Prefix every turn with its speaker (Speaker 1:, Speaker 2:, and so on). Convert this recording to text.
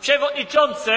Speaker 1: Przewodniczący!